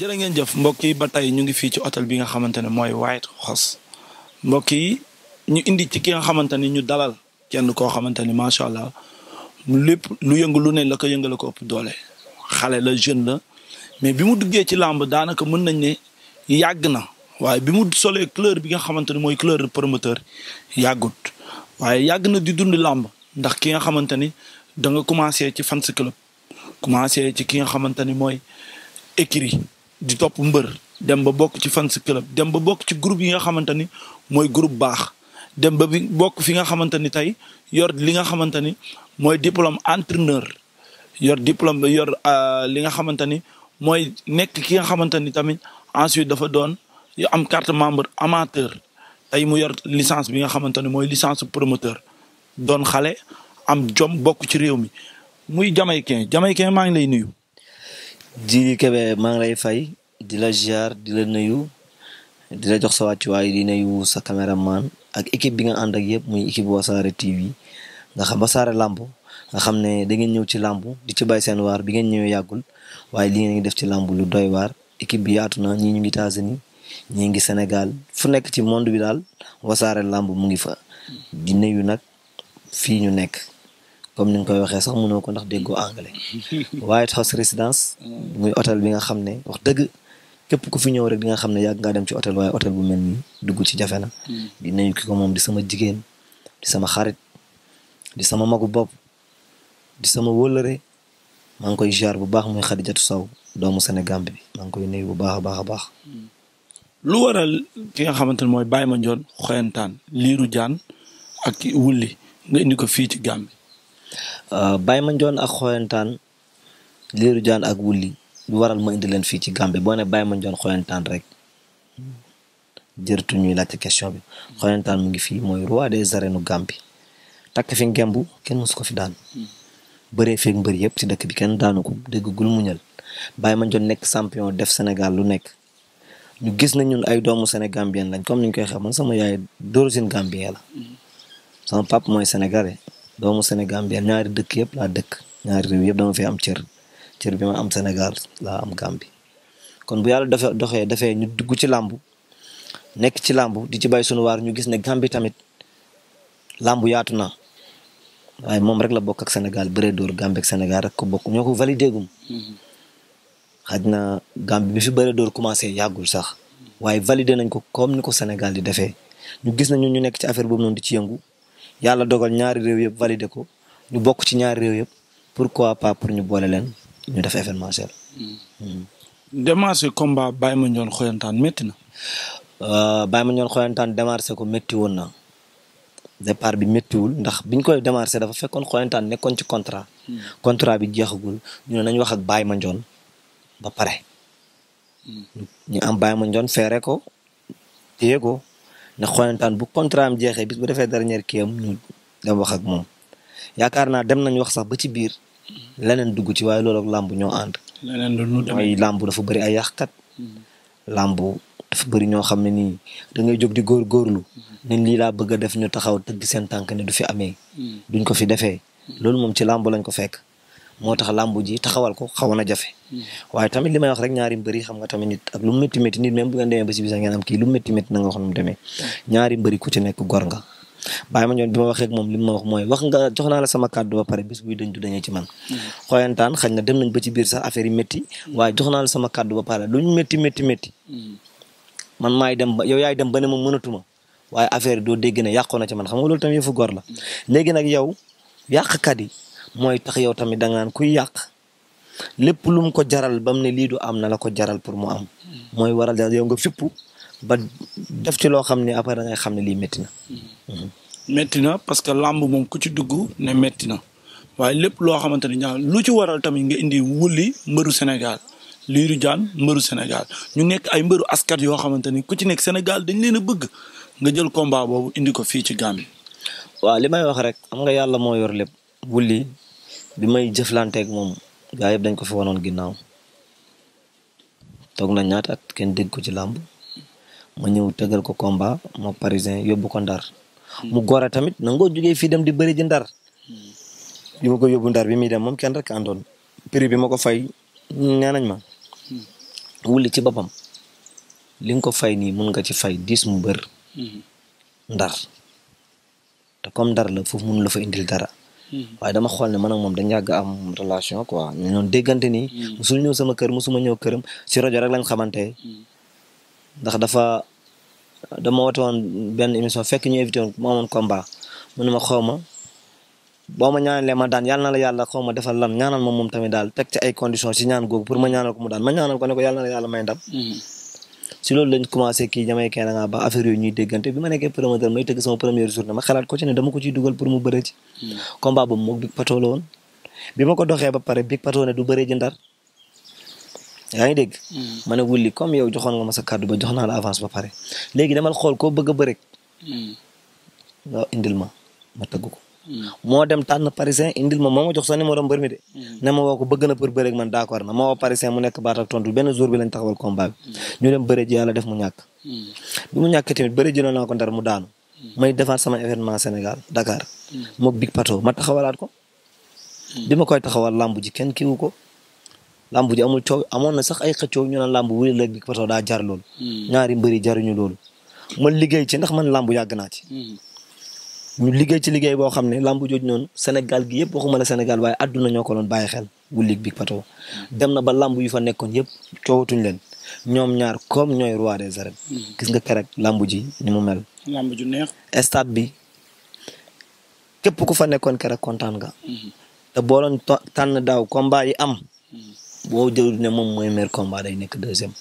jërë ngeen jëf mbokk yi ba tey ñu ngi fii ci hôtel bi nga xamante ne mooy White House mbokk yi ñu indi ci ki nga xamante ni ñu dalal kenn koo xamante ni macha allah lépp lu yëngu lu ne la ko yëngale ko ëpp doole xale la jeune la mais bi mu duggee ci làmb daanaka mën nañ ne yàgg na waaye bi mu solee cleur bi nga xamante ne mooy couleur promoteur yàggut waaye yàgg na di dund làmb ndax ki nga xamante ni da nga commencé ci fans club commencé ci ki nga xamante ni mooy écrit di topp mbër dem ba bokk ci fans club dem ba bokk ci groupe yi nga xamante ni mooy groupe baax dem ba bi bokk fi nga xamante ni tey yor li nga xamante ni mooy diplôme entraîneur yor diplôme yor euh, li nga xamante ni mooy nekk ki nga xamante ni tamit ensuite dafa doon yu am carte membre amateur tey mu yor licence bi nga xamante ni mooy licence promoteur doon xale am jom bokk ci réew mi muy jamaïcain jamaïcain maa ngi lay nuyu Djiby Kébé maa ngi lay fay di la ziar di la nuyu di la jox sa wàccuwaay di nuyu sa caméraman ak équipe bi nga ànd ak yëpp muy équipe Wassare TV nga xam Wassare làmb nga xam ne da ngeen ñëw ci làmb di ci bàyyi seen waar bi ngeen ñëwee yàggul waaye li ngeen def ci làmb lu doy waar équipe bi yaatu na ñii ñu ngi États-Unis ñii ngi senegal fu nekk ci monde bi daal Wassare làmb mu ngi fa di nuyu nag fii ñu nekk. comme ni nga koy waxee sax mënoo ko ndax déggoo anglais White House Residence mm. muy hôtel bi nga xam ne wax dëgg képp ku fi ñëw rek di nga xam ne yàgg ngaa dem ci hôtel waaye hôtel bu mel dugg ci jafe na mm. di nuyu moom di sama jigéen sama xarit di sama magu bopp di sama wëllëre maa ngi koy ziar bu baax muy Xadijatu Sow doomu Sénégal bi maa ngi bu baax a baax a baax mm. lu waral ki nga xamante ne mooy Baye Mandione xoyantaan liiru jaan ak wulli nga indi ko fii ci Gambie Euh, Baye Mandione ak Xoyantaan Lirou Diane ak Wouly lu waral ma indi leen fii ci Gambie boo ne Baye Mandione Xoyantaan rek jërëtu ñuy laajte question bi Xoyantaan mu ngi fii mooy roi des arènes Gambie takk fi ngembu kenn mosu ko fi daan bëree feeg mbër yëpp ci dëkk bi kenn daanu ko dégg gul muñal Baye Mandione nekk champion def Sénégal lu nekk ñu gis na ñun ay doomu Sénégambien lañ comme ni ñu koy xam man sama yaay d'origine Gambien la sama pap mooy sénégalais doomu Sénégambien ñaari dëkk yëpp laa dëkk ñaari réew yëpp dama fee am cër cër bi ma am senegal laa am Gambie kon bu yàlla dafa doxee dafee ñu dugg ci làmb nekk ci làmb di ci bay sunu waar ñu gis ne Gambie tamit làmb yaatu na waaye moom rek la bokk ak Sénégal bëree dóor Gambie ak Sénégal rek ko bokk ñoo ko validé gum xaj na Gambie bi fi bëree dóor commencé yàggul sax waaye validé nañ ko comme ni ko senegal di defee ñu gis nañu ñu nekk ci affaire boobu noonu di ci yëngu. yàlla dogal ñaari réew yëpp validé ko ñu bokk ci ñaari réew yëpp pourquoi pas pour ñu boole leen ñu def événementiel. Hmm. démarche combat Baye Mandione Xoyantaan métti na. Euh, Baye Mandione Xoyantaan démarché ko métti woon na départ bi méttiwul ndax biñ koy démarché dafa fekkoon Xoyantaan nekkoon ci contrat. Hmm. contrat bi jeexagul ñu ne nañ wax baay Baye Mandione ba pare. Hmm. ñu am Baye Mandione feere ko téye ko ndax xoyantaan bu contrat am jeexee bis bu defee dernier kii am ñu dem wax ak moom yaakaar naa dem nañ wax sax ba ci biir leneen dugg ci waaye loolu ak làmb ñoo ànd. leneen lu mooy làmb dafa bëri ay yàqkat. Mm-hmm. làmb dafa bëri ñoo xam ne nii da ngay jóg di góorgóorlu. Mm-hmm. ne lii laa bëgg def ñu taxaw tëgg seen tànk ne du fi amee. Mm-hmm. duñ ko fi defee. loolu moom ci làmb lañ ko fekk. moo tax làmb ji taxawal ko xaw na jafe hmm. waaye tamit li may wax rek ñaari mbëri xam nga tamit nit ak lu mu métti métti nit même bu ngeen demee ba si bisa ngeen am kii lu mu métti wax nu mu hmm. ñaari mbëri ku nekk gor nga bàyyi ma ñoon bi ma waxee moom li ma wax mooy wax nga jox naa la sama kàddu ba pare bis buy dañ du dañee ci man hmm. dem nañ ba ci biir sax affaire yi métti waaye jox naa la sama kàddu ba pare luñ métti métti métti man maay dem ba yow yaay dem ba ne ma mënatuma waaye affaire yi doo dégg ne yàqoo na ci man xam nga loolu tamit yëfu gor la léegi nag yow yàqkat yi mooy tax yow tamit da ngaan kuy yàq lépp lu mu ko jaral ba mu ne lii du am na la ko jaral pour mu am mooy waral yow nga fippu ba def ci loo xam ne après da xam ne lii métti na. métti mm-hmm. parce que làmb moom ku ci dugg ne métti waaye lépp loo xamante ne lu ci waral tamit nga indi wulli mbëru Sénégal Lirou Diane mbëru Sénégal ñu nekk ay mbëru askan yoo xamante ni ku ci nekk Sénégal dañ leen a bëgg nga jël ko mbaa boobu indi ko fii ci Gambie. waaw li may nga yàlla moo yor lépp wulli bi may jëflanteeg moom gaa yëpp dañ ko fi wanoon ginnaaw toog na ñaata kenn dégg ko ci làmb ma ñëw tëgal ko combat mook parisien yóbbu ko ndar mu gore tamit nangoo jógee fii dem di bëri ji ndar bi ma ko yóbbu ndar bi muy dem moom kenn rek àndoon prix bi ma ko fay nee nañ ma wuli ci boppam li ko fay nii mun nga ci fay diis mu bër ndar te comme ndar la foofu mun la fa indil dara waaye dama xool ne man moom dañ yàgg am relation quoi ñu noon déggante nii musul hmm. ñëw sama kër musuma ñëw këram si rajo rek lañ xamante hmm. ndax dafa dama woote woon benn émission fekk ñu invité woon ma amoon combat mu ne ma xaw boo ma ñaanalee ma daan yàlla na la yàlla xaw ma defal lan ñaanal ma moom tamit daal teg ci ay conditions si ñaan googu pour ma ñaanal ko mu daan ma ñaanal ko ne ko yàlla na la yàlla may ndam hmm. si loolu lañ commencé kii Jamaïcain da ngaa baax affaire yooyu ñuy déggante bi ma nekkee promoteur may tëgg sama première journée ma xalaat ko ci ne dama ko ciy dugal pour mu bëre ci. Hmm. combat boobu moog Big Pato la bi ma ko doxee ba pare Big Pato du bëree ji ndar yaa ngi dégg. Hmm. ma ne wulli comme yow joxoon nga ma sa kàddu ba jox naa la avance ba pare léegi damal xool koo bëgg a bëre. Hmm. nga indil ma ma tëgg ko. moo dem tànn parisien indil ma moo ma jox sa numéro mbër mi de. Mm. ne ma woo ko bëgg na pour bëreeg man d'accord na ma woo parisien mu nekk baat ak tontu benn jour bi lañ taxawal combat bi. Mm. ñu dem bëre ji yàlla def mu ñàkk. Mm. bi mu ñàkkee tamit bëre ji naa ko ndar mu daanu. may defaat sama événement Sénégal Dakar. moog Big Pato ma taxawalaat ko. bi ma taxawal làmb ji kenn kiiwu ko. làmb ji amul coow amoon na sax ay xëccoo ñu naan làmb wuli léegi Big Pato daa jar lool ñaari mbëri jaruñu lool ma liggéey ci ndax man làmb yàgg naa ci. ñu liggéey ci liggéey boo xam ne lambu jooju noonu Sénégal gi yëpp waxuma la Sénégal waaye àdduna ñoo ko doon bàyyi xel bu Ligue bi Pato dem na ba lamb yu fa nekkoon yëpp coowatuñ leen ñoom ñaar comme ñooy roi des arènes. Mm-hmm. gis nga keroog lambu ji ni mu mel. lambu ju neex. stade bi képp ku fa nekkoon keroog kontaan nga. Mm-hmm. te boo doon tànn daaw combat yi am. Mm-hmm. boo jël ne moom mooy meilleur combat day nekk deuxième.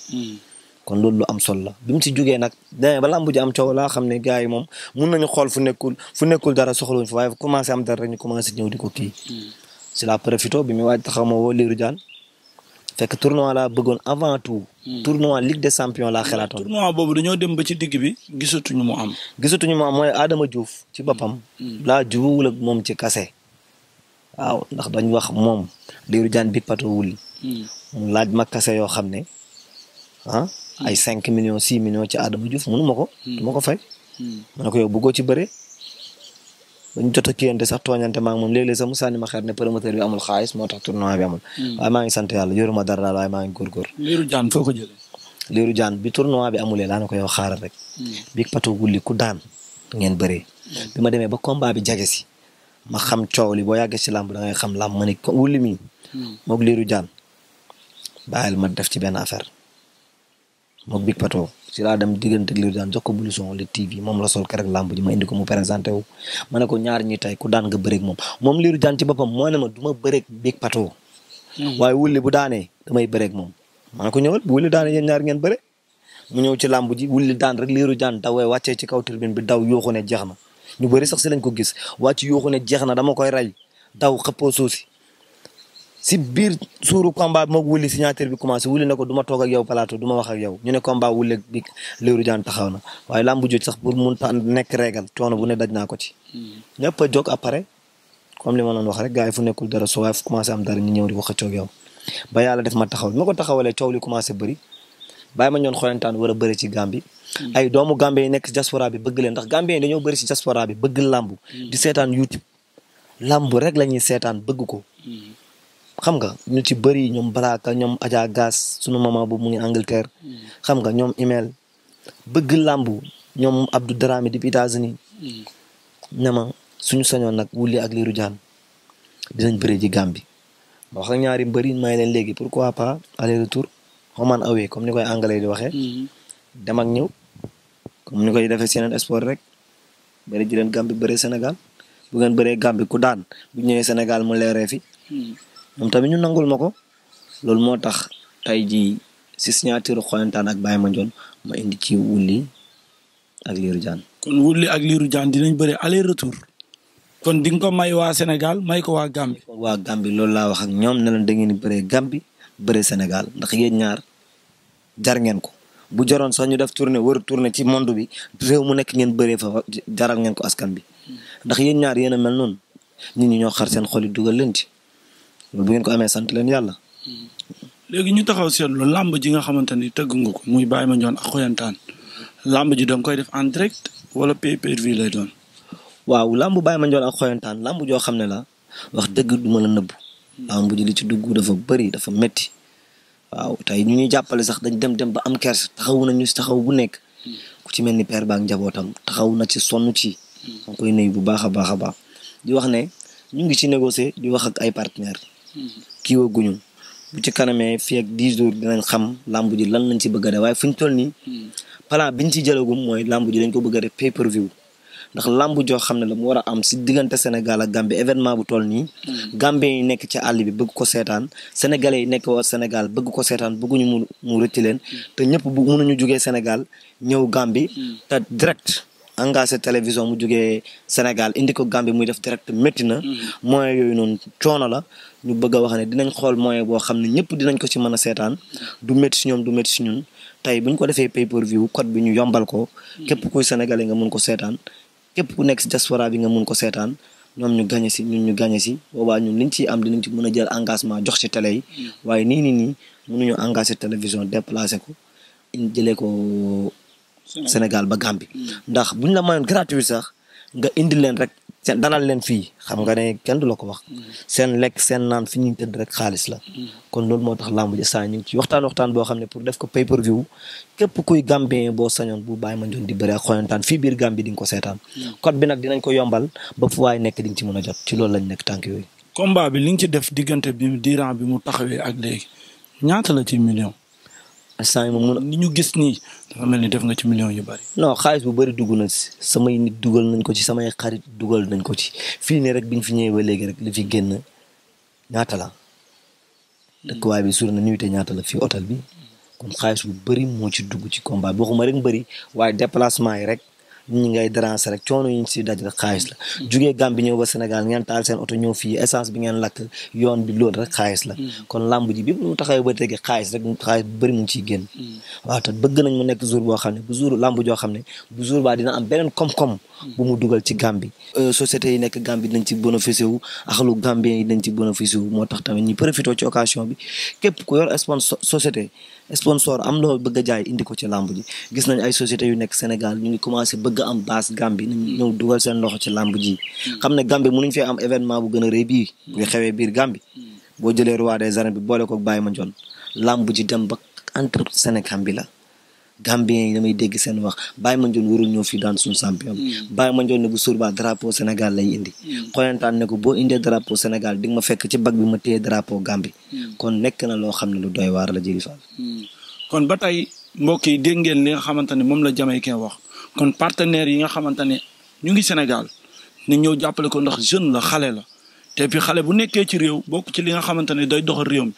kon loolu lu am solo la bi mu si jugee nag demee ba lambu ji am coow laa xam ne gars yi moom mun nañu xool fu nekkul fu nekkul dara soxlawuñ fa waaye commencé am dara rek ñu commencé ñëw di ko kii. Hmm. si la profito bi muy waaj taxaw ma woo Lirou Diane fekk tournoi laa bëggoon avant tout. Hmm. tournoi Ligue des champions laa xalaatoon. Hmm. tournoi boobu dañoo dem ba ci digg bi gisatuñu mu am. gisatuñu mu am mooy Adama Diouf ci boppam. laa jubuwul ak moom ci kase. waaw ndax dañ wax moom Lirou Diane bi patawul. mu laaj ma kase yoo xam ne ah, ay cinq millions six millions ci Adama Diouf mënu ma ko. Hmm. dama ko fay. Hmm. ma ne ko yow bëggoo ci bëre. ba ñu jot a kiyante sax tooñante maa ngi moom léeg-léeg sax mu sànni ma xeer ne promoteur bi amul xaalis moo tax tournoi bi amul. Hmm. maa ngi sant yàlla yoruma dara daal waaye maa ngi góorgóor. liiru jaan ko jëlee. liiru jaan bi tournoi bi amulee laa ne ko yow xaaral rek. bi pato wulli ku daan ngeen bëree. bi ma demee ba combat bi jage si. ma xam coow li boo yàggee si làmb da ngay xam làmb ma ne wulli mi. moog liiru jaan bàyyil ma def ci benn affaire. mook Big Pato si laa dem diggante li daan jox ko Boulisson le TV moom la sol keroog làmb ji ma indi ko mu présenté wu ma ne ko ñaar ñi tey ku daan nga bëreeg moom moom liiru jaan ci boppam moo ne ma du ma bëreeg Big Pato hmm. waaye wulli bu daanee damay bëreeg moom ma ne ko ñëwal bu wulli daanee yéen ñaar ngeen bëre mu ñëw ci làmb ji wulli daan rek liiru jaan dawee wàccee ci kaw turbine bi daw yooxu ne jeex na ñu bëri sax si lañ ko gis wàcc yooxu ne jeex na dama koy rey daw xëppoo suusi si biir suuru combat bi moog wuli signature bi commencé wuli na ko du ma toog ak yow plateau du ma wax ak yow ñu ne combat wuli bi Lirou Diane taxaw na waaye làmb jooju sax pour mun nekk régal coono bu ne daj naa ko ci. Hmm. ñëpp a jóg après comme li ma doon wax rek gars yi fu nekkul dara soo waaye fu commencé am dara ñu ñëw di ko xëccoo ak yow ba yàlla def ma taxaw ma ko taxawalee coow li commencé bëri bàyyi ma ñoon xoyantaan war a bëri ci Gambie. Hmm. ay doomu Gambie yi nekk ci diaspora bi bëgg leen ndax Gambie yi dañoo bëri ci diaspora bi bëgg làmb hmm. di seetaan YouTube làmb rek la ñuy seetaan bëgg ko xam nga ñu ci bëri ñoom Baraka ñoom Adja gas suñu maman bu mu ngi Angleterre hmm. xam nga ñoom email bëgg làmbu ñoom Abdou Dramé depuis États-Unis hmm. ne ma suñu sañoon nag Wouly ak Lirou Diane dinañ bëree ji Gambie ma wax ñaari mbëri may leen léegi pourquoi pas aller retour home and away comme ni koy anglais di waxee. Hmm. dem ak ñëw comme ni koy defee seen rek bëri ji leen Gambie bëree Sénégal bu ngeen bëree ku daan bu ñëwee Sénégal mu leeree fi. moom tamit ñu nangul ma ko loolu moo tax tey jii si signature Xoyantaan ak Baye Mandione ma indi ci Wouly ak Lirou Diane. kon Wouly ak liiru Diane dinañ bëre aller retour. kon di ko may waa Sénégal may ko waa Gambie. waa Gambie loolu laa wax ak ñoom ne dangeen da ngeen di bëree Gambie bëree Sénégal ndax yéen ñaar jar ngeen ko bu jaroon soo ñu def tournée wër tournée ci monde bi réew mu nekk ngeen bëree fa jaral ngeen ko askan bi ndax yéen ñaar yéen a mel noonu nit ñoo xar seen xol dugal leen ci. bu ngeen ko amee sant leen yàlla. léegi ñu taxaw seetlu làmb ji nga xamante ni tëgg nga ko muy Baye ma ak Khoyantane làmb ji danga koy def en direct doon. waaw làmb Baye Mandione ak xoyantaan làmb joo xam ne la wax dëgg du ma la nëbbu. làmb ji li ci dugg dafa bëri dafa metti waaw tey ñu ñuy jàppale sax dañ dem dem ba am kers taxawu na ñu si taxaw bu nekk. ku ci mel ni père baak njabootam taxaw na ci sonn ci. da koy nuyu bu baax a baax a baax. di wax ne ñu ngi ci négocier di wax ak ay partenaires. kiiwaguñu bu ci kanamee fii ak dix jours dinañ xam lamb ji lan lañ ci bëgg a def waaye fu toll nii plan biñ ci jëlagum mooy lamb ji dañ ko bëgg a def pay per view ndax lamb joo xam ne la mu war a am si diggante Sénégal ak Gambie événement bu toll nii. Gambien yi nekk ci àll bi bëgg ko seetaan sénégalais yi nekk waa Sénégal bëgg ko seetaan bëgguñu mu mu rëcc leen te ñëpp bu mënuñu jugee Sénégal ñëw Gambie te direct. engagé télévision mu jugee Sénégal indi ko Gambie muy def direct métti na. Mm-hmm. moyens yooyu noonu coono la ñu bëgg a wax ne dinañ xool moyen boo xam ne ñëpp dinañ ko ci mën a seetaan mm-hmm. du métti si ñoom du métti si ñun tey bu ko defee pay per view code bi ñu yombal ko. Mm-hmm. képp kuy sénégalais nga mun ko seetaan képp ku nekk si bi nga mun ko seetaan. ñoom ñu gagné si ñun ñu gagné si boobaa ñun liñ ciy am dinañ ci mën a jël engagement jox ci télé yi waaye nii nii nii mënuñu engagé télévision déplacé ko jëlee ko Sénégal ba Gambie. Mm. ndax buñ la mayoon gratuit sax nga indi leen rek seen dalal leen fii xam nga ne kenn du la ko wax. Mm. seen lekk seen naan fi ñuy tëdd rek xaalis la. Mm. kon loolu moo tax làmb ji sax ñu ngi ci waxtaan waxtaan boo xam ne pour def ko pay per view képp kuy Gambien boo sañoon bu bàyyi ma njoon di bëri ak xoyantaan fii biir Gambie di nga ko seetaan. code bi nag dinañ ko yombal ba fu waay nekk di ci mën a jot ci loolu lañ nekk tànk yooyu. combat bi li nga ci diggante bi diiran bi mu taxawee ak ñaata la ci million. instant yi ma mun ni ñu gis nii mel ni def nga ci millions yu bari. non xaalis bu bari dugg na samay nit dugal nañ ko ci samay xarit dugal nañ ko ci fii nii rek bi ñu fi ñëwee ba léegi rek li fi génn ñaata la dëkkuwaay bi suur na nuyu ñaata la fii hôtel bi kon xaalis bu bari moo ci dugg ci combat bi waxuma rek bëri waaye déplacement yi rek. ñu ñi ngay déranger rek coono yi ñu si daj rek xaalis la jugee Gambie ñëw ba Sénégal ngeen taal seen oto ñëw fii essence bi ngeen lakk yoon bi loolu rek xaalis la mm. kon làmb ji bi mu taxawee ba tege xaalis rek xaalis bu bëri mu ngi ciy génn mm. waaw te bëgg nañ mu nekk jour boo xam ne bu jour làmb joo xam ne bu jour dina am beneen koom-koom mm. bu mu dugal ci Gambie euh, société yi nekk Gambie dinañ ci bénéficié wu axalu Gambien yi dinañ ci bénéficié wu moo tax tamit ñu profité ci occasion bi képp ku yor sponsor société sponsor am loo bëgg a jaay indi ko ci làmb ji gis nañ ay société yu nekk Sénégal ñu ngi commencé bëgg am base Gambie nañ ñëw seen loxo ci làmb ji xam ne mu mënuñ fee am événement bu gën a rëy bii bu xewee biir Gambie boo jëlee roi des arènes bi boole ko ma joon làmb ji dem ba entre Sénégal bi la Gambien yi damay dégg seen wax Baye Mandione warul ñëw fii daan suñu champion ma mm. Mandione ne bu surba drapeau Sénégal lay indi xoyantaan mm. ne ko boo indee drapeau Sénégal di nga ma fekk ci bag bi ma téye drapeau Gambie mm. kon nekk na loo xam ne lu doy waar la Djily Fall kon ba tey mbokk yi dégg li nga xamante ne moom la Jamaïcain wax kon partenaire yi nga xamante ne ñu ngi Sénégal ni ñëw jàppale ko ndax jeune la xale la te puis xale bu nekkee ci réew bokk ci li nga xamante ne day doxal réew mi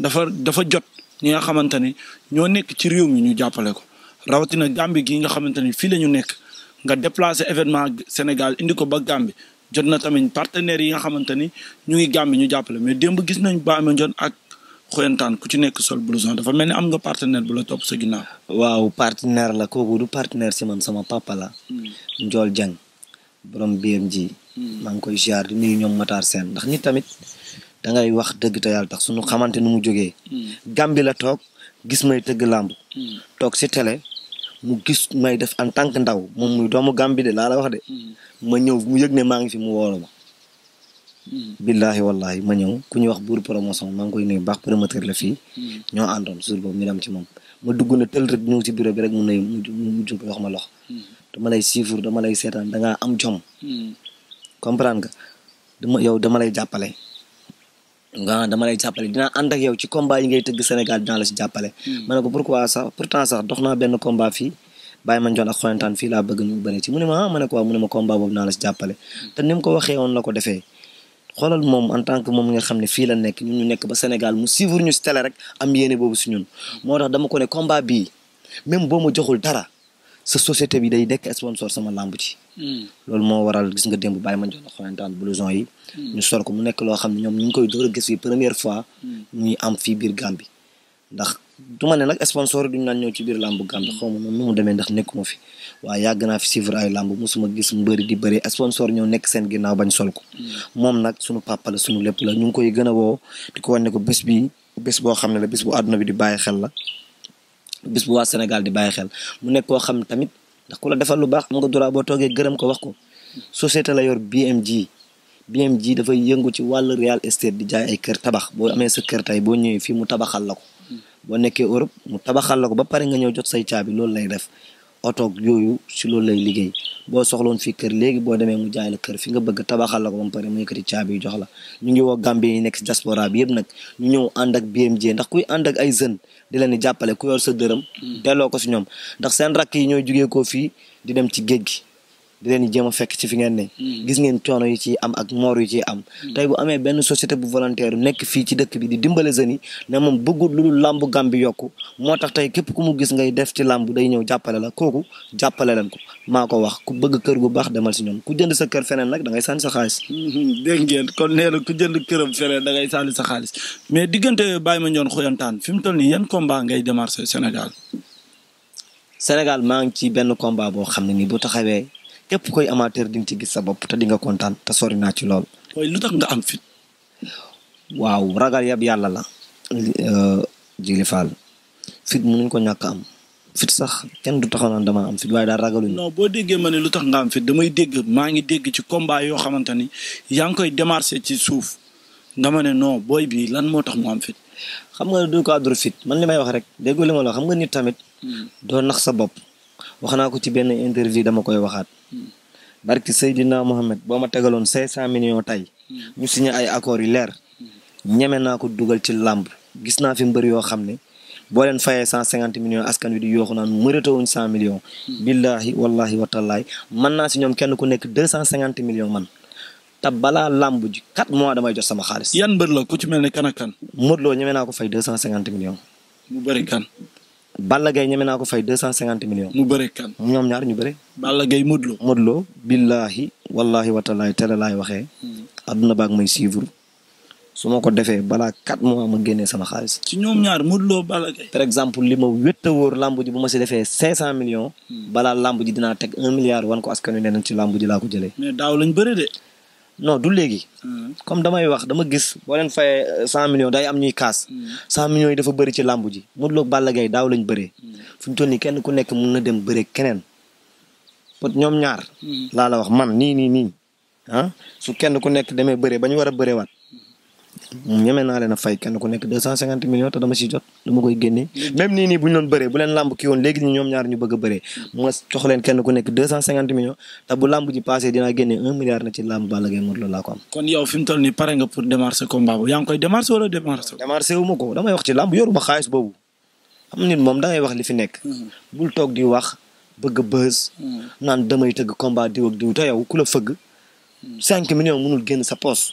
dafa dafa jot ñi nga xamante ni ñoo nekk ci réew mi ñu jàppale ko rawatina Gambie gi nga xamante ni fii la ñu nekk nga déplacé événement Sénégal indi ko ba Gambie jot na tamit partenaires yi nga xamante ni ñu ngi Gambie ñu jàppale mais démb gis nañ Ba Mandione ak Khoyantane ku ci nekk sol blouson dafa mel ni am nga partenaire bu la topp sa ginnaaw. waaw partenaire la ko du partenaire si man sama papa njool hmm. Ndiol Dieng borom BMG. Hmm. maa ngi koy ziar di nuyu ñoom Matar Sène ndax ni tamit. da ngay wax dëgg te yàlla tax suñu xamante nu mu jógee. Hmm. Gàmbi la toog gis may tëgg làmb. Hmm. toog si tele mu gis may def en tant ndaw moom muy doomu Gàmbi de laa la wax de. Hmm. ma ñëw mu yëg ne maa ngi fi mu wóolu ma. billahi wallahi ma ñëw ku ñuy wax buur promotion maa ngi koy nuyu baax promoteur la fii. ñoo àndoon jour boobu ñu dem ci moom. ma dugg na tël rek ñëw ci bureau bi rek mu nuyu mu jóg wax ma lox dama lay siifur dama lay seetaan da am jom. comprendre nga dama yow dama lay jàppale. nga dama lay jàppale dina ànd ak yow ci combat yi ngay tëgg Sénégal dinaa la si jàppale. Hmm. ma ne ko pourquoi sax pourtant sax dox naa benn combat fii bàyyi ma njoon bëgg ñu bëri ci mu ne ma ah ma ne ko waaw mu ne hmm. mu ko waxee woon la ko defee xoolal moom en tant que moom nga xam ne fii la nekk ñun ñu nekk ba Sénégal mu suivre ñu si télé rek am yene boobu si ñun. Hmm. moo tax dama ko ne combat bii même boo ma joxul dara. sa société bi day nekk sponsor sama làmb ci hmm. loolu moo waral gis nga démb baay ma jox na xoyantaan blouson yi hmm. ñu sol ko mu nekk loo xam ne ñoom ñu ngi koy door gis yi première fois ñuy hmm. am fii biir Gambie ndax du ma ne nag sponsor duñu naan ñëw ci biir làmb Gambie xaw ma noonu nu mu demee ndax nekkuma fi waaye yàgg naa fi suivre ay làmb mosuma gis mbëri di bëri sponsor ñëw nekk seen ginnaaw bañ sol ko moom nag suñu papa suñu lépp la ñu ngi koy gën a woo di ko wane ko bés bi bés boo xam ne la bés bu àdduna bi di bàyyi xel la bis bu waa Sénégal di bàyyi xel mu nekk koo xam tamit ndax ku la defal lu baax am nga droit boo toogee gërëm ko wax ko société la yor BMG BMG dafay yëngu ci wàll real estate di jaay ay kër tabax boo amee sa kër tey boo ñëwee fii mu tabaxal la ko hmm. boo nekkee Europe mu tabaxal la ko ba pare nga ñëw jot say caabi loolu lay def otoog yooyu si loolu lay liggéey boo soxloon fii kër léegi boo demee mu jaay la kër fi nga bëgg tabaxal la ko ba mu pare mu yëkkati caabi yu jox la ñu ngi woo Gambie yi nekk si jasporaab bi yëpp nag ñu ñëw ànd ak BMJ ndax kuy ànd ak ay jeunes di leen di jàppale ku yor sa dërëm hmm. delloo ko si ñoom ndax seen rakk yi ñooy jugee koo fii di dem ci géej gi di leen jéem a fekk ci fi ngeen ne. Hmm. gis ngeen coono yu ciy am ak moor yu ciy am. Hmm. tey bu amee benn société bu nekk fii ci dëkk bi di dimbale jeunes yi moom bëggul lu làmb Gàmbi yokku moo tax tey képp ku mu gis ngay def ci làmb day ñëw jàppale la kooku jàppale leen ko maa ko wax ku bëgg kër gu baax demal si ñoom ku jënd sa kër feneen nag da ngay sa xaalis. Hmm, dégg ngeen kon nee na ku jënd këram feneen da ngay sànni sa xaalis mais diggante Baye Mandione Khoyantane fi mu toll nii yan kombaa ngay démarrer Sénégal. maa ngi ci benn combat boo xam ne nii bu taxawee képp koy amateur di nga ci gis sa bopp te di nga kontaan te sori naa ci lool. lu tax nga am fit. waaw ragal yab yàlla la. Djily euh, Fall. fit mënuñ ko ñàkk am. fit sax kenn du taxaw naan dama am fit waaye daal ragaluñu. non boo déggee ma ne lu tax nga am fit damay dégg maa ngi dégg ci combat yoo xamante ni yaa koy démarché ci suuf nga ma ne noo booy bi lan moo tax mu am fit. xam nga du ko àddur fit man li may wax rek déggoo li ma la xam nga nit tamit. Hmm. doo nax sa bopp. wax naa ko ci benn interview dama koy waxaat barki Seydina Mohamed boo ma tegaloon cinq cent millions tey ñu signé ay accords yu leer ñeme naa ko dugal ci làmb gis naa fi mbër yoo xam ne boo leen fayee cent cinquante millions askan wi di yooxu naan mëratawuñ cent millions billaahi wallahi watallaay man naa si ñoom kenn ku nekk deux cent cinquante millions man te balaa làmb ji quatre mois damay jot sama xaalis yan mbër la ku ci mel ni kan ak kan Modou Lo ñeme naa ko fay deux cent cinquante millions mu bëri kan Balla Gaye ñeme naa ko fay deux cent cinquante millions. mu bëre kan. ñoom ñaar ñu bëre. Balla Gaye Modou Lo. Modou Lo billaahi wallaahi watalaay tele laay waxee. àdduna hmm. baag may suivre. su ma ko defee balaa quatre mois ma génnee sama xaalis. ci ñoom ñaar Modou Lo Balla Gaye. par exemple li ma wétta wóor lamb ji bu ma si defee cinq cent millions. Hmm. balaa lamb ji dinaa teg un milliard wan ko askan wi ne ci lamb ji laa ko jëlee. mais daaw lañ bëre de. non du léegi. Hmm. comme damay wax dama gis boo leen fayee euh, cent millions day am ñuy kaas. Hmm. cent millions yi dafa bëri ci làmb ji Modou Lo ak Balla daaw lañ bëree. Hmm. fu ñu toll nii kenn ku nekk mun na dem bëree keneen. pot ñoom ñaar. laa la wax man nii nii nii ah su kenn ku nekk demee bëree ba ñu war a bëreewaat. ñeme naa leen a fay kenn ku nekk deux cent cinquante millions te dama si jot dama koy génne même nii nii bu ñu doon bëree bu leen làmb kii woon léegi nii ñoom ñaar ñu bëgg a bëree ma jox kenn ku nekk deux cent cinquante millions te bu làmb ji passé dinaa génne un milliard na ci làmb Balla Gaye Modou Lô laa ko am kon yow fi mu toll nii pare nga pour démarrer combat bu yaa ngi koy démarrer wala démarrer démarrer wu ma ko damay wax ci làmb yoruma xaalis boobu am nit moom dangay wax li fi nekk hmm. bul toog di wax bëgg bës hmm. naan damay tëgg combat diw ak diw yow ku la fëgg hmm. cinq millions mënul génn sa poche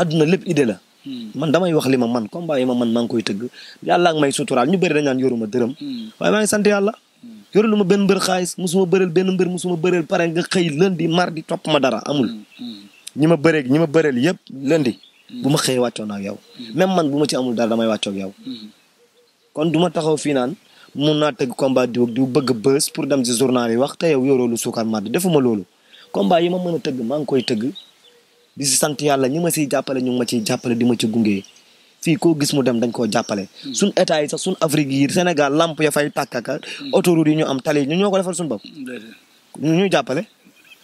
adduna lépp idée la. Hmm. man damay wax li ma man combat yi ma man maa ngi koy tëgg yàlla ak may suturaal ñu bëri dañ naan yoruma dërëm. Hmm. waaye maa ngi sant yàlla. Hmm. yoru lu ma benn mbër xaalis musuma bëreel benn mbër musuma bëreel pare nga xëy mar di topp ma dara amul. ñi ma bëreeg ñi ma bëreel yëpp lundi. bu ma xëyee wàccoon ak yow. même man bu ma ci amul dara damay wàccoog yow. kon du ma taxaw fii naan mun naa tëgg combat diw ak bëgg bës pour dem si journal yi wax te yow yoroo lu suukar màdd defuma loolu combat yi ma mën tëgg maa ngi koy tëgg di si sant yàlla ñi ma siy jàppale ñu ngi ma ciy jàppale di ma ci gunge fi koo gis mu dem dañ koo jàppale hmm. suñ état yi sax suñ Afrique làmp Sénégal lamp ya fay tàkkaka hmm. autoroute yi ñu am tali yi ñu ñoo ko defal suñu bopp hmm, ñu ñuy jàppale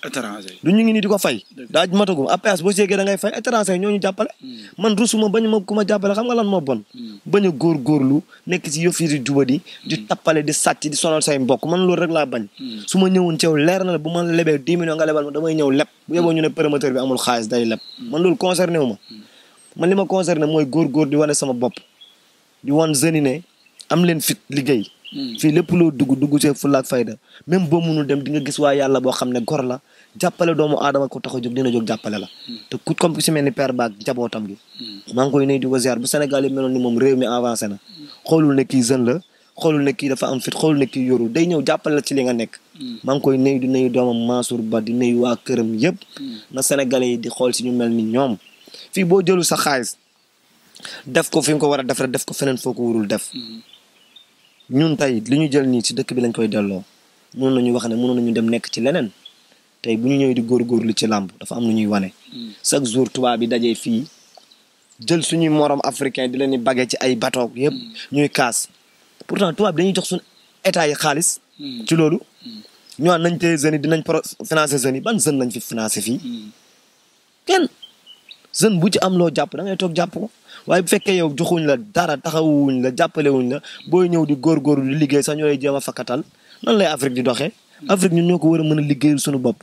étranger du ñu ngi nii di ko fay. daa matagum APS boo seegee da ngay fay étranger ñoo jàppale. Hmm. man rusuma bañ ma ku ma jàppale xam nga lan moo bon. Hmm. bañ a góorgóorlu nekk ci yëf yi di jubadi. di hmm. tappale di sàcc di sonal say mbokk man loolu rek laa bañ. su ma ñëwoon ci yow leer na la bu ma lebee 10 millions nga lebal ma damay ñëw leb. bu yeboo ne promoteur bi amul xaalis day leb. man loolu concerné wu ma. man li ma concerné mooy góorgóor di wane sama bopp. ne am leen fit liggéey. fii lépp loo dugg dugg see fulla ak fayda même boo munul dem di nga waa yàlla boo xam ne gor la jàppale doomu aadama ko tax a jóg dina jóg jàppale la hmm. te ku comme si mel ni père baag jabootam gi hmm. maa ngi koy nuyu di ko ziar bu Sénégal yi meloon ni moom réew mi avancé na hmm. xoolul ne kii jeune la xoolul ne kii dafa am fit xoolul ne kii yoru day ñëw jàppale la ci li nga nekk maa ngi koy nuyu di nuyu doomam Mansour Ba di nuyu waa këram yëpp na Sénégalais yi di xool si ñu mel ni ñoom fii boo jëlu sa xaalis def ko fi nga ko war a def rek def ko feneen foo ko warul def ñun tey li ñu jël nii si dëkk bi lañ koy delloo mënoon nañu wax ne mënoon nañu dem nekk ci leneen tey bu ñu ñëwee di góor góor góorgóorlu ci làmb dafa am lu ñuy wane. Hmm. chaque jour tubaab bi dajee fii jël suñuy morom africain di leen di bagee ci ay bateau yëpp hmm. ñuy kaas pourtant tubaab dañuy jox suñu état yi xaalis. Hmm. ci loolu. ñu naan nañ tey jeunes dinañ pro financer jeunes yi ban jeune lañ fi financer fii. kenn jeune bu ci am loo jàpp da ngay jàpp ko waaye bu fekkee yow joxuñ la dara taxawuñ la jàppalewuñ la booy ñëw di góorgóorlu di liggéey sax ñoo lay jéem a fakkatal nan lay Afrique di doxee. Afrique ñun ñoo ko war a mën a liggéeyal suñu bopp.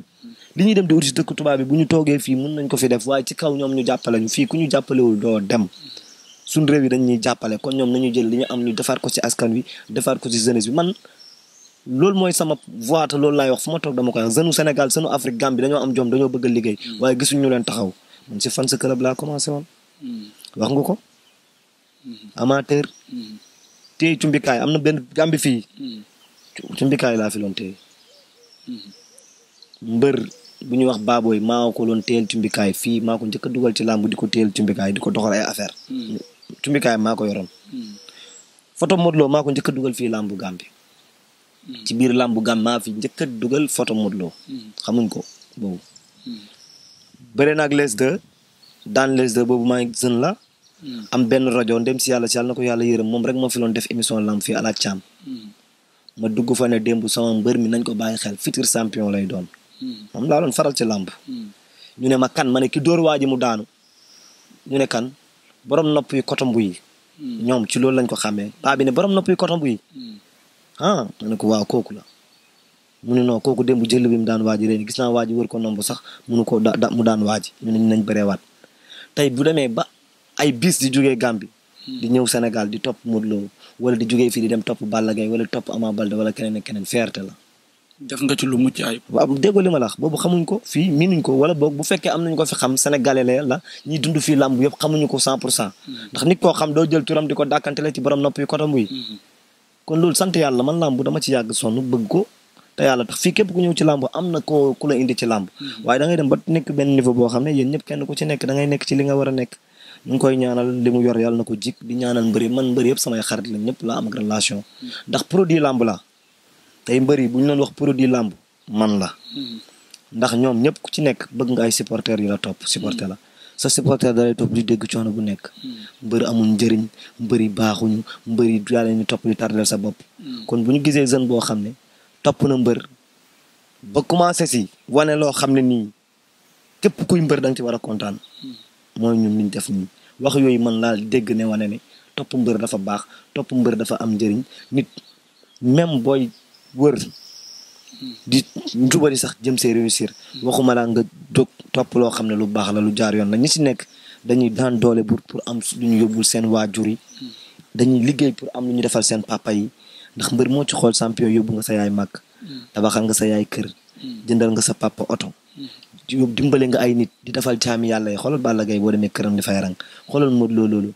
li ñuy dem di wuti si dëkk tubaab bi bu ñu toogee fii mun nañ ko fi def waaye ci kaw ñoom ñu jàppale ñu fii ku ñu jàppalewul doo dem suñ réew yi dañ ñuy jàppale kon ñoom nañu jël li ñu am ñu defar ko ci askan wi defar ko ci jeunesse bi man loolu mooy sama voix te loolu laay wax fu ma toog dama koy wax jeune Sénégal jeune Afrique am jom dañoo bëgg liggéey mm. waaye gisuñu leen taxaw man si fan sa club laa commencé woon mm. wax nga ko mm-hmm. amateur mm-hmm. tey cumbikaay am na benn Gambie fii mm. cumbikaay laa fi bu ñuy wax baabooy maa ko doon teel cumbikaay fii maa ko njëkk dugal ci làmb di ko teel cumbikaay di ko doxal a affaire cumbikaay hmm. maa ko yoroon foto hmm. Modou Lo maa ko njëkk dugal fii làmbu Gàmbi hmm. ci biir làmbu Gàmbi maa fi njëkk dugal photo Modou xamuñ ko boobu bëre naag les boobu maa ngi jeune la am benn rajo ndem si yàlla si yàlla ko yàlla yërëm moom rek moo fi doon def émission làmb fii alaaj caam ma dugg fa ne démb sama mbër mi nañ ko bàyyi xel futur champion lay doon moom laa doon faral ci làmb ñu ne ma kan ma ne ki dóor waa ji mu daanu ñu ne kan borom nopp yi coton bu yi ñoom ci loolu lañ ko xàmmee paa bi ne borom nopp yi bu yi ah ma ne ko waaw kooku la mu ne non kooku démb jël bi mu daan waaji ren gis naa waaji wër ko nomb sax munu ko da mu daan waaji ñu ne ñu nañ waat tey bu demee ba ay bis di jógee gàmbi di ñëw Sénégal di topp Modou Lo wala di jógee fii di dem topp Balla Gaye wala topp Ama Baldé wala keneen keneen fierté la def nga ci lu mucc ayib. waaw déggoo li ma la boobu xamuñ ko fii miinuñ ko wala boog bu fekkee am nañ ko fi xam sénégalais la ñiy dund fii làmb yëpp xamuñu ko 100 pour cent mm-hmm. ndax nit koo xam doo jël turam di ko dàkkantele ci borom nopp yi kotam yi mm-hmm. kon loolu sant yàlla man làmb dama ci yàgg sonn bëgg ko te yàlla tax fii képp ku ñëw ci làmb am na koo ku la indi ci làmb mm-hmm. waaye da ngay dem ba nekk benn niveau boo xam ne yéen ñëpp kenn ku ci nekk da ngay nekk ci li nga war a nekk ñu koy ñaanal li mu yor yàlla na ko jik di ñaanal mbëri man mbëri yëpp samay xarit la ñëpp laa am relation ndax produit làmb la tey mbër yi bu ñu doon wax produit làmb man la hmm. ndax ñoom ñëpp ku ci nekk bëgg nga ay supporters yu la topp hmm. supporter la sa supporter da lay topp di dégg coono bu nekk hmm. mbër amul njëriñ mbër yi baaxuñu mbër yi du yàlla ñu topp di tardel sa bopp kon bu ñu gisee jeune boo xam ne topp na mbër ba commencé si wane loo xam ne nii képp kuy mbër da ci war a kontaan mooy ñun liñ def nii wax yooyu man laa dégg ne wane ne topp mbër dafa baax topp mbër dafa am njëriñ nit même booy wër di lu bari sax jëm see réussir waxuma laa nga jóg topp loo xam ne lu baax la lu jaar yoon la ñi si nekk dañuy daan doole pour pour am lu ñu yóbbul seen waajur yi dañuy liggéey pour am lu ñu defal seen papa yi ndax mbër moo ci xool champion yóbbu nga sa yaay màgg tabaxal nga sa yaay kër jëndal nga sa papa oto yóbbu dimbale nga ay nit di defal jaami yàlla yi xoolal Balla Gaye boo demee këram di fay rang xoolal Modou Lo loolu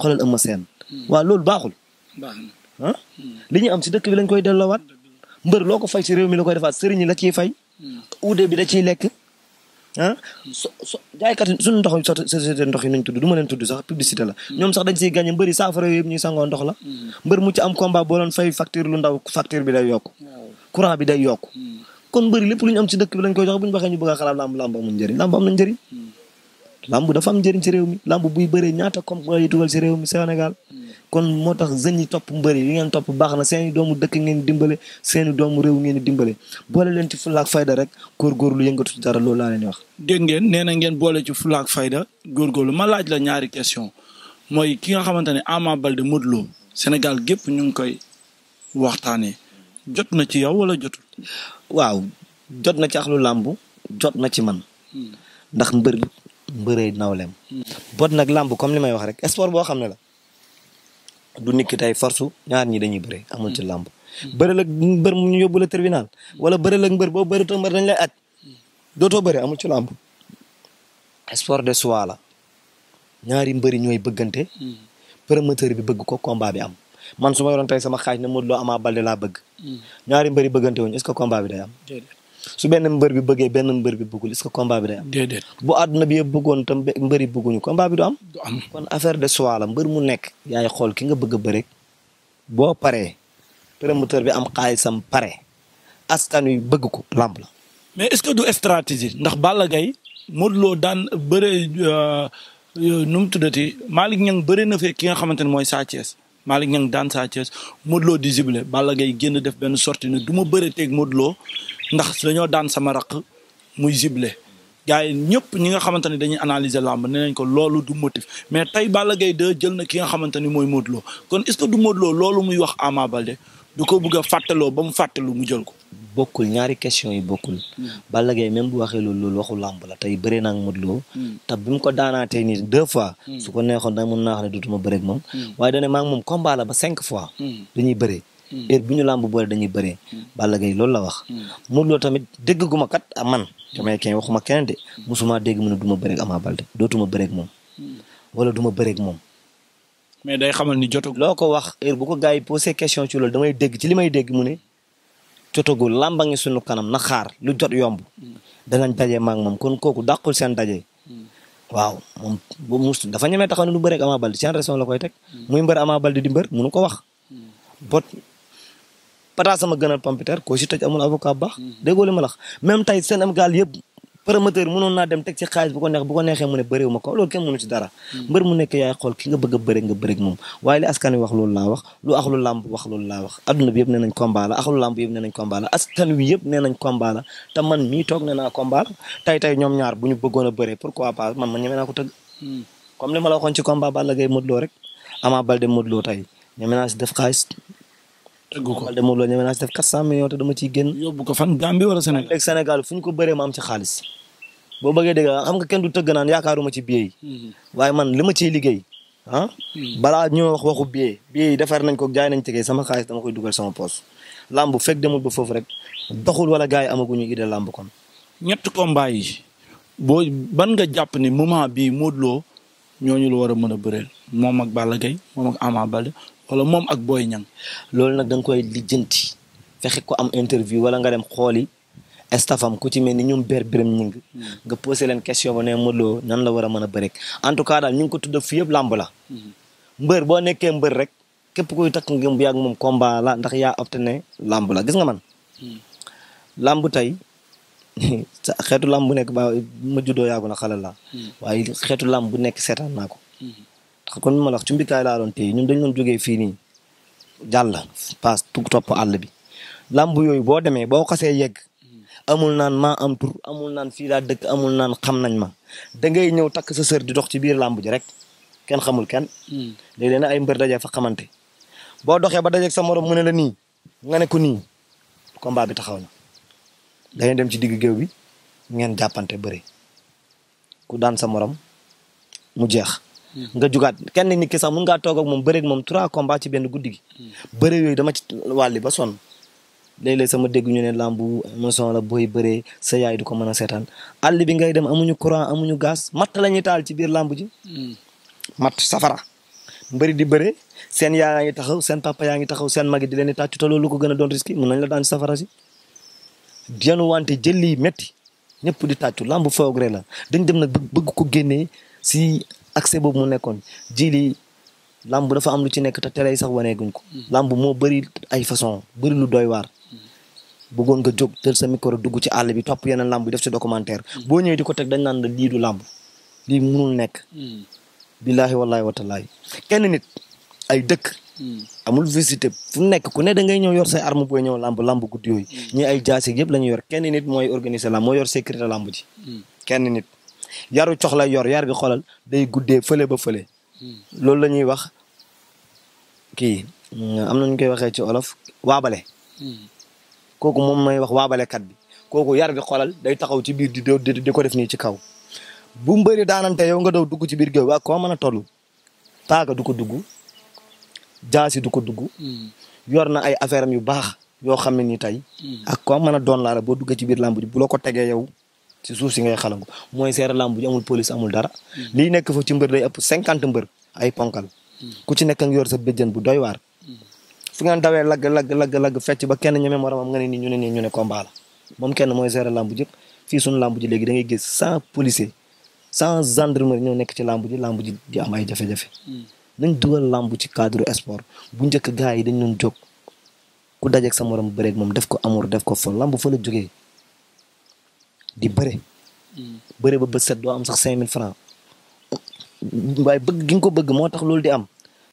xoolal Eumeu Sène waaw loolu baaxul li ñu am si dëkk bi lañ koy delloowaat mbër loo ko fay si réew mi la koy defaat sëriñ la ciy fay. Hmm. uude bi da ciy lekk. ah hmm. so so jaaykat yi suñu ndox société ndox yi nañ tudd du ma leen tudd sax publicité la hmm. ñoom sax dañ siy gagné mbëri saafara yëpp ñuy sangoo ndox la mbër mu ci am combat boo doon fay facture lu ndaw facture bi day yokk courant bi day yokk kon mbëri lépp lu ñu am ci dëkk bi lañ koy jox bu ñu waxee ñu bëgg a xalaat lamb lamb amul njëriñ lamb am na njëriñ lamb dafa am njëriñ ci réew mi lamb buy bëree ñaata combat yi dugal ci réew mi Sénégal hmm. kon moo tax jeunes yi topp mbëri yi ngeen topp baax na seeni doomu dëkk ngeen dimbale seeni doomu réew ngeen dimbale boole leen ci fulaak fayda rek lu yëngatu dara loolu laa leen wax. dégg ngeen nee na ngeen boole ci fulaak fayda góorgóorlu ma laaj la ñaari question mooy ki nga xamante ne Ama Baldé Modou Lo Sénégal gépp ñu ngi koy waxtaanee jot na ci yow wala jotul. waaw jot na ci axlu làmb jot na ci man hmm. ndax mbëree nawleem bot nag làmb comme li may wax rek sport boo xam ne la du nit ki tey force ñaar ñi dañuy bëree amul ci làmb bëri la mbër mu yóbbu la tribunal wala bëri la mbër boo bëri too dañ lay aj dootoo bëri amul ci làmb sport de soi la ñaari mbër ñooy bëggante promoteur bi bëgg ko combat bi am man su ma yoroon sama xaaj ne Modou Lo Ama Baldé laa bëgg hmm. ñaari mbëri bëggante wuñu est-ce que bi day am su benn mbër bi bëggee benn mbër bi bëggul est-ce que day am. bu àdduna bi yëpp bëggoon tam mbëri yi bëgguñu combat bi du am. du am kon affaire de choix la mbër mu nekk. yaay xool ki nga bëgg a bëre boo paree promoteur bi am sam pare askan wi bëgg ko làmb la. mais est-ce que du stratégie ndax Balla gay Modou Lo daan bëre euh, euh, nu mu tuddati Malick Niang bëre na fee ki nga xamante ne mooy Sa Thiès Malick daan Sa Thiès Modou Lo di zible Balla Gaye génn def benn sortie du ma bëre teeg Modou ndax dañoo daan sama raq muy gible gars yi ñëpp ñi nga xamante ne dañuy analyser làmb ne nañ ko loolu du motif mais tey Balla gay 2 jël na ki nga xamante ni mooy Modou Lo kon est-ce que du Modou Lo loolu muy wax Ama bal du ko bëgg a fàttaloo ba mu fàttalu mu jël ko. bokkul ñaari question yi bokkul. Hmm. Balla Gaye même bu waxee loolu loolu waxu làmb la tey bëree naa Modou Lo. Hmm. te bi mu ko daanaatee nii deux fois. Hmm. su ko neexoon da mën naa xam ne dutuma bëreeg moom. waaye da ne maa ba cinq fois. dañuy bëree. heure hmm. bi ñu làmb boole dañuy bëree. Hmm. Balla Gaye loolu la wax. Hmm. Modou Lo tamit dégg gu ma kat a ah, man. damay kenn waxuma keneen de. mosuma dégg mu ne du ma bëreeg Ama Baldé dootuma bëreeg moom. wala du ma bëreeg moom. mais day xamal ni jotagul. loo ko wax bu ko gars yi posé question ci loolu damay dégg ci li may dégg mu ne jotagul làmba ngi sunu kanam na xaar lu jot yomb. danañ daje maak moom kon kooku dàqul seen seen raison la koy teg. muy mbër Ama Baldé ko wax. bot pataas sama gënal pompiteer koo si toj amul avocat baax déggoo li ma lax même tey am gaal yëpp promoteur mënoon naa dem teg ci xaalis bu ko neexee mu ne ma ko loolu kenn mënu ci dara hmm. mbër mu nekk yaay xool ki nga bëgg a bëre nga bëre moom waaye li askan wi wax loolu laa wax lu axlu làmb wax loolu laa wax adduna bi yëpp nee nañ askan wi yëpp nee nañ combat te man mii toog nee naa combat la tey tey ñoom ñaar bu ñu bëggoon a bëree pourquoi pas man man ñeme naa ko tëgg hmm. comme tëgg ko Ama Baldé Modou Lô ñeme naa si def 400 millions te dama ciy génn. yóbbu ko fan Gambie wala a léegi Sénégal fu ñu ko bëree ma am ci xaalis boo bëggee dégg xam nga kenn du tëgg naan yaakaaruma ci billet yi. Mhm. waaye man li ma ciy liggéey ah. Mhm. balaa ñu wax waxu billet billet yi defar nañ ko jaay nañ tëggee sama xaalis dama koy dugal sama poos làmb fekk demul ba foofu rek doxul wala gars yi amaguñu idée làmb kon. ñett combat boo ban nga jàpp ni moment bii Modou Lô ñooñu la war a mën a bëreel moom ak Balla Gaye moom ak Ama Baldé xoolal moom ak Boy Niang loolu nag da nga koy lijjanti fexe ko am interview wala nga dem xooli estafam ku ci mel ni ñoom ber biram ñing hmm. nga posé leen question ba ne Modou Lo nan la war a mën a bërek en tout cas daal ñu ngi ko tudda fi yëpp làmb la hmm. mbër boo nekkee mbër rek képp kuy takk ngëm bu yàgg moom combat la ndax yaa obtenu làmb la gis nga man hmm. làmb tey xeetu làmb bu nekk ba ma yàggu na xala la waaye xeetu làmb bu nekk seetaan naa ko kon ma wax cumbikaay laa doon téye ñun dañ doon jógee fii nii jàll paas tug topp àll bi làmb yooyu boo demee boo xasee yegg amul naan maa am tur amul naan fii laa dëkk amul naan xam nañ ma da ngay ñëw takk sa sër di dox ci biir làmb ji rek kenn xamul kenn. Hmm. léeg-léeg na ay mbër dajee fa xamante boo doxee ba dajeeg sa moroom mu ne la nii nga ne ko nii combat bi taxaw na da dem ci digg géew bi ngeen jàppante bëri ku daan sa moroom mu jeex. nga jugaat kenn ni ki sax mun ngaa toog ak moom bëreeg moom trois combats ci benn guddi gi. bëre yooyu dama ci wàlli ba sonn léeg-léeg sama dégg ñu ne làmbu émission la booy bëree sa yaay du ko mën a seetaan àll bi ngay dem amuñu courant amuñu gaz matt la ñuy taal ci biir làmb ji. Hmm. matt safara. mbëri di bëre seen yaa ngi taxaw seen papa yaa ngi taxaw seen magi di leen di tàcc te lu ko gën a doon risque mën nañ la daan safara si. bien wante jëli metti ñëpp di tàccu làmb foog la dañ dem nag bëgg ko génnee si. accès boobu mu nekkoon jii lii làmb dafa am lu ci nekk te tere yi sax waneeguñ ko. làmb moo bëri ay façon bëri lu doy waar. bëggoon nga jóg jël sa micro dugg ci àll bi topp yeneen làmb yi def ci documentaire. Mm. boo ñëwee di ko teg dañ naan la du làmb lii munul nekk. Mm. billaahi wallaahi watalaay kenn nit ay dëkk. Mm. amul visité fu nekk ku ne da ngay ñëw yor sa arme booy ñëw làmb lamb guddi yooyu. ñii ay jaasi yëpp la ñuy yor kenn nit mooy organiser làmb moo yor sécurité lamb ji. kenn nit. yaru cox lay yor yar bi xoolal day guddee fële ba fële. loolu la ñuy wax kii am na ñu koy waxee ci olof waabale. kooku moom may wax waabalekat bi kooku yar bi xoolal day taxaw ci biir di di ko def nii ci kaw. bu mbëri daanante yow nga daw dugg ci biir géew waa koo mën a toll taaga du ko dugg jaasi du ko dugg. yor na ay affaire yu baax yoo xam ne nii tey. ak koo mën a doon laa boo dugg ci biir làmb ji bu la ko tegee yow ci suuf si ngay xalangu mooy seere làmb ji amul police amul dara. Hmm. lii nekk fa ci mbër day cinquante mbër ay ponkal. Hmm. ku ci nekk nga yor sa béjjën bu doy waar. Hmm. fu ngeen dawee lag lag lag lag fecc ba kenn ñeme moromam nga ne nii ñu ne nii ñu ne combat la moom kenn mooy seere làmb ji fii suñu làmb ji léegi da ngay gis sans policier sans gendarmerie ñoo nekk ci làmb ji ji di am ay jafe-jafe. nañ dugal làmb ci cadre sport bu njëkk gaa yi dañ doon jóg ku dajeeg sa morom bëreeg moom def ko amour def ko fo làmb fa a jógee. di bëre. Hmm. bëre ba bët set doo am sax cinq mille francs waaye bëgg gi nga ko bëgg moo tax loolu di am.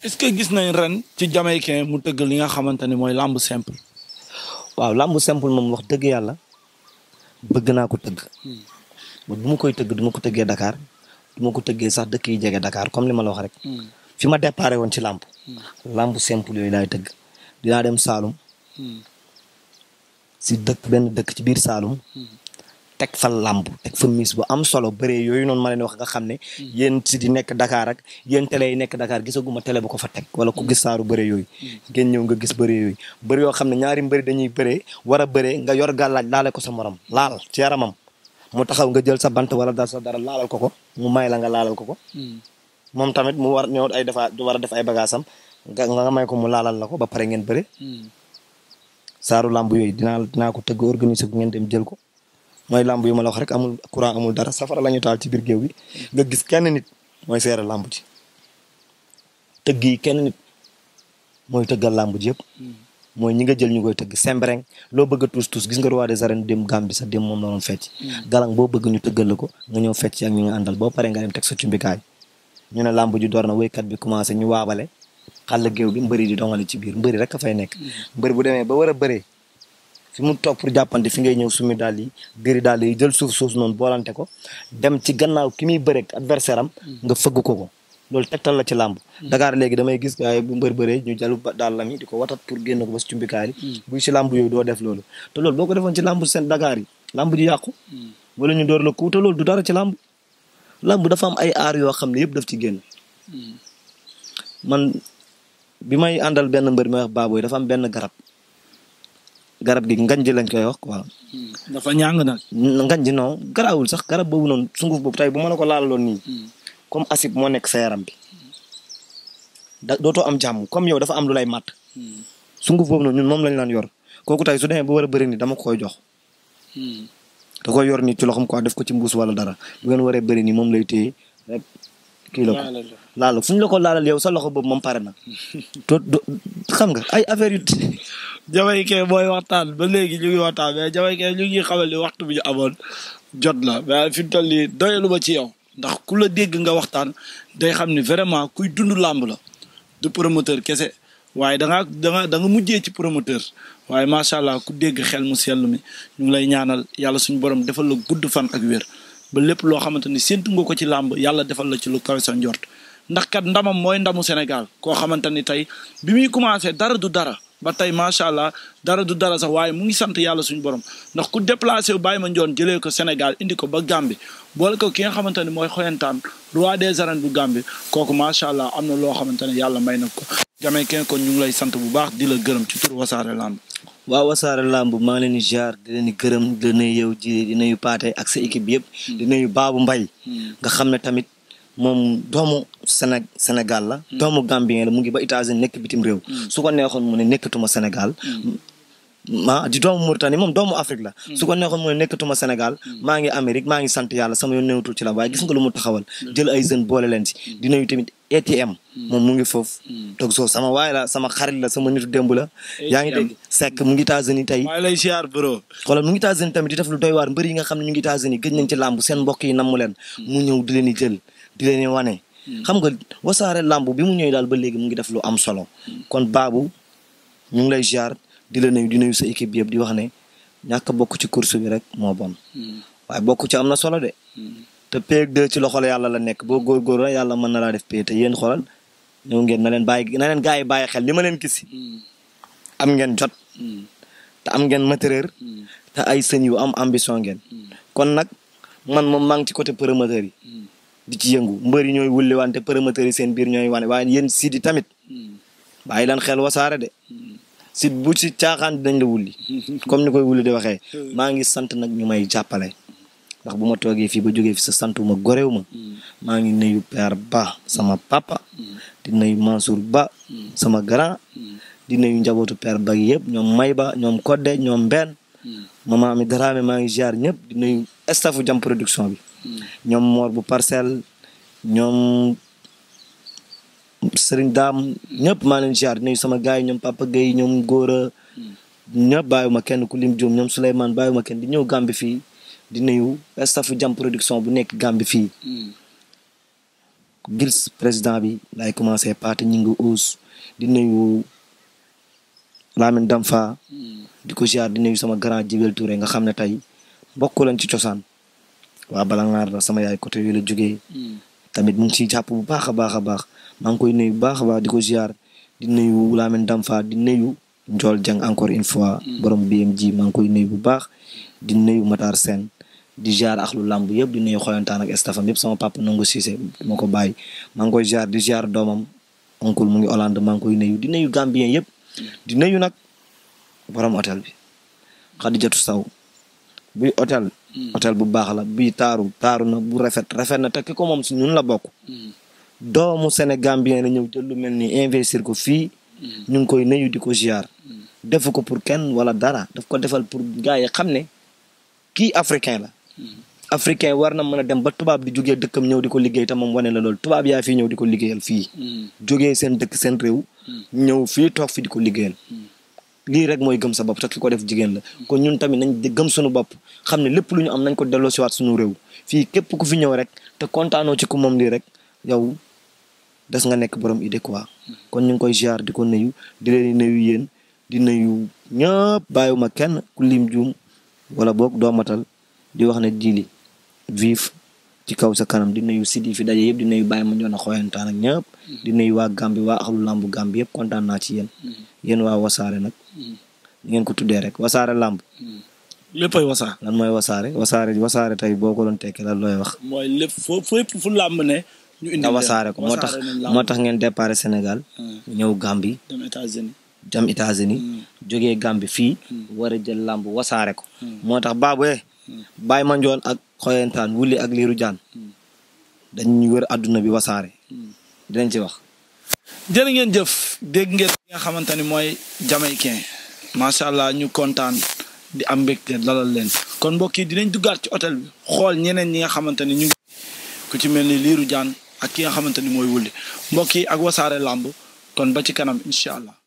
est-ce que gis nañ ren ci Jamaïcain mu tëgg li nga xamante ni mooy làmb simple. waaw làmb simple moom wax dëgg yàlla bëgg naa ko tëgg. Hmm. bu mu koy tëgg du ma ko tëggee dakaar du ma ko tëggee sax dëkk yi jege dakaar comme li ma la wax rek. Hmm. fi ma déparé woon ci làmb. làmb simple yooyu laay tëgg dinaa dem Saalum. si dëkk benn dëkk ci biir Saalum. teg fa lamb teg fa mis bu am solo bëree yooyu noonu ma leen wax nga xam ne hmm. yéen si di nekk Dakar ak yéen yi nekk Dakar gisaguma télé bu ko fa teg wala ku gis saaru bëree yooyu hmm. ngeen nga gis bëree yooyu bëri yoo xam ne ñaari mbëri dañuy bëree war a bëree nga yor gàllaaj laale ko sa morom laal ci yaramam mu taxaw nga jël sa bant wala dal dara laalal ko ko mu may la nga laalal ko ko hmm. moom tamit mu war ñëw ay defa war a def ay bagaasam nga nga may ko mu laalal la ko ba pare ngeen bëre saaru làmb yooyu dinaa dinaa ko tëgg organiser ko ngeen dem jël ko mooy làmb yi ma la wax rek amul courant amul dara safara la ñu taal ci biir géew bi nga gis kenn nit mooy seere làmb ji tëgg yi kenn nit mooy tëggal làmb yëpp hmm. mooy ñi nga jël ñu koy tëgg sembreng loo bëgg a tuus tuus gis nga waa des arènes dem gam bi sa dem moom la doon fecc hmm. galang boo bëgg ñu tëggal la ko nga ñëw fecc ak ñu nga àndal boo paree nga dem teg sa cumbikaay ñu ne làmb ji door na wéykat bi commencé ñu waabale xàll géew bi mbëri di dongale ci biir mbëri rek a fay nekk hmm. mbëri bu demee ba war a bëree fi mu toog pour jàppante fi ngay ñëw sumi daal yi gëri daal yi jël suuf suuf noonu boolante ko dem ci gannaaw ki muy bëreeg adversaire am nga fëgg ko ko loolu tegtal la ci làmb Dakar léegi damay gis gaay bu mbër bëree ñu jalu daal lam yi di ko watat pour génn ko ba si hmm. si làmb yooyu doo def loolu te loolu boo ko defoon ci seen Dakar yi làmb ji yàqu hmm. wala ñu door la ku loolu du dara ci làmb làmb dafa am ay aar yoo xam ne yëpp daf ci génn hmm. man bi may àndal benn mbër mi wax baaboy am benn garab garab gi ngañ ji lañ koy wax quoi. Hmm. dafa ñàng na hmm, ngañ ji non garawul sax garab boobu noonu sunguf boobu tey bu ma la ko laalaloon nii. Hmm. comme acide moo nekk sa yaram bi. da dootoo am jàmm comme yow dafa am lu lay màtt. sunguf boobu noonu ñun moom lañ laan yor kooku tey su demee ba wara a bëri ni dama koy jox. da koy yor nii ci ko def ko ci mbuus wala dara bu ngeen waree bëri nii moom lay téye kii la ko laal fu ñu la ko laalal yow sa loxo boobu moom pare na. to xam nga ay affaire yu. Jamaïcain mooy waxtaan ba léegi ñu ngi waxtaan mais Jamaïcain ñu ngi xamal ni waxtu bi ñu amoon jot la mais fi mu toll nii doyalu ci yow ndax ku la dégg nga waxtaan day xam ni vraiment kuy dund làmb la du promoteur kese waaye danga nga da nga mujjee ci promoteur waaye macha allah ku dégg xel mu sell mi ñu ngi lay ñaanal yàlla suñu borom defal la gudd fan ak wér. ba lépp loo xamante ni séntu nga ko ci làmb yàlla defal la ci lu kawe sa njort ndax kat ndamam mooy ndamu Sénégal koo xamante ni tey bi muy commencé dara du dara ba tey macha allah dara du dara sax waaye mu ngi sant yàlla suñu borom ndax ku déplacé wu bàyyi ma njoon jëlee ko Sénégal indi ko ba gàmbi boole ko ki nga xamante ni mooy xoyantaan roi des arènes bu Gambie kooku macha allah am na loo xamante ne yàlla may na ko. Jamaïcain kon ñu ngi lay sant bu baax di la gërëm ci tur Wassare Lamb. waaw wasaare làmb maa ngi leen di jaar di leen di gërëm di leen yow ji di nuyu Paate ak sa équipe bi yëpp. Hmm. di nuyu Baabu Mbay hmm. nga xam ne tamit moom doomu Séné Sénégal la. Hmm. doomu Gambien la mu ngi ba États-Unis nekk bitim réew. su ko neexoon mu ne nekkatuma Sénégal. ah di doomu Mauritanie moom doomu Afrique la. Hmm. su ko neexoon mooy nekkatuma Sénégal. Hmm. maa ngi Amérique maa ngi sant yàlla sama yoon newatul ci la waaye gis nga lu mu taxawal. Hmm. jël ay jeunes boole leen ci. dinañu tamit ATM. moom mu ngi foofu. toog soo sama waay la sama xarit la sama nitu démb la. yaa ngi dégg Seck mu ngi États-Unis tey. maa lay ziar bro. xoolal mu ngi États-Unis tamit di def lu doy waar mbëri yi nga xam ne ñu ngi États-Unis gëj nañ ci seen mbokk yi namm leen. mu ñëw di leen di jël di leen di wane. xam nga wasaare làmb bi mu ñëw daal ba léegi mu ngi def lu am solo kon baabu ñu ngi lay ziar di la nuyu di nuyu sa équipe yëpp di wax ne ñàkk bokk ci course bi rek moo bon. Hmm. waaye bokk ci am na solo de. Hmm. te P2 ci loxol yàlla la nekk boo góorgóorlu la yàlla mën na laa def P te yéen xoolal ñëw ngeen na leen bàyyi na leen gars yi bàyyi xel li ma leen gis. Hmm. am ngeen jot. te am ngeen matériel. te ay sëñ yu am ambition ngeen. kon nag man moom maa ngi ci côté promoteur yi. di ci yëngu mbër yi ñooy wulli wante promoteurs yi seen biir ñooy wane waaye yéen sidi tamit bàyyi leen xel si bu si caaxaan dañ la wulli comme ni koy wulli di waxee maa ngi sant nag ñu may jàppale ndax bu ma toogee fii ba jógee fi sa santuma gorew ma maa ngi nuyu père ba sama papa di nuyu Mansour ba sama grand di nuyu njabootu per ba yëpp ñoom may ba ñoom kodde ñoom mbenn mama i daraame maa ngi ziar ñëpp di nuyu staffu jam production bi ñoom moor bu parcelle ñoom sëriñ daam ñëpp maa leen ziar nuyu sama gars yi ñoom Papa Gueye ñoom Gora ñëpp ma kenn ku lim Diom ñoom Souleymane ma kenn di ñëw Gambie fii di nuyu staffu jam production bu nekk Gambie fii. gils président bi laay commencé paate ñi ngi uus di nuyu Lamine Damfa. di ko ziar di nuyu sama grand Jibel Touré nga xam ne tey mbokk lañ ci cosaan. waa Balangar la sama yaay côté yooyu la jógee. tamit mu ngi ciy jàpp bu baax a baax a baax maa koy nuyu bu baax a baax di ko ziar di nuyu dam fa di nuyu njool Dieng encore une fois. Hmm. borom BMG maa ngi koy nuyu bu baax di nuyu Matar Sène di jaar ak lu làmb yëpp di nuyu xoyantaan ak stafam yëpp sama papa nangu Cissé ma ko bàyyi maa koy jaar di jaar doomam oncle mu ngi Hollande maa ngi koy nuyu di nuyu Gambien yëpp di nayu nag borom hôtel bi Khadijatou saw bi hôtel Hmm. hôtel bu baax la bii taaru taaru na bu rafet rafet na takk ko moom si ñun la bokk. Hmm. doomu Sénégambien la ñëw jël lu mel nii investir ko fii. Hmm. ñu ngi koy nuyu di ko ziar. defu ko pour kenn wala dara daf ko defal pour gars yi xam ne kii africain la. africain war na mën a dem ba tubaab di jógee dëkkam ñëw di ko liggéey tam moom wane la loolu tubaab yaa fii ñëw di ko liggéeyal fii. jógee seen dëkk seen réew. ñëw fii toog fi di ko liggéeyal. lii rek mooy gëm sa bopp tax ki ko def jigéen la kon ñun tamit nañ gëm suñu bopp xam ne lépp lu ñu am nañ ko delloo siwaat suñu réew fii képp ku fi ñëw rek te kontaanoo ci ku moom lii rek yow des nga nekk borom idée quoi kon ñu ngi koy ziar di ko nuyu di leen nuyu yéen di nuyu ñëpp bàyyiwuma kenn ku lim juum wala boog doomatal di wax ne jili vive ci kaw sa kanam di nuyu site yi fi daje yëpp di nuyu bàyyi ma ñoon a xooyantaan ak ñëpp mm-hmm. di nuyu waa Gambie waa axlu làmb Gambie yëpp kontaan naa ci yéen mm-hmm. yéen waa wasaare nag mm-hmm. ngeen ko tuddee rek wasaare làmb léppay wasaare lan mooy wasaare wasaare wasaare tey boo ko doon tekki lan looy wax mooy lépp foo fépp fu làmb ne ñu wasaare ko moo tax moo tax ngeen départ Sénégal mm. ñëw Gambie dem États-Unis joge États-Unis mm. jógee Gambie fii mm. war a jël làmb wasaare ko moo tax baabu ma Mandione ak Xoyantaan Wuli ak Liiru Jaan dañuy wër àdduna bi wasaare. dinañ ci wax. jërë ngeen jëf dégg ngeen li nga xamante ni mooy jamaïcain macha allah ñu kontaan di am mbégte dalal leen kon mbokk yi dinañ duggaat ci hôtel bi xool ñeneen ñi nga xamante ni ñu ngi ku ci mel ni Liiru Jaan ak ki nga xamante ni mooy Wuli mbokk yi ak wasaare làmb kon ba ci kanam incha allah.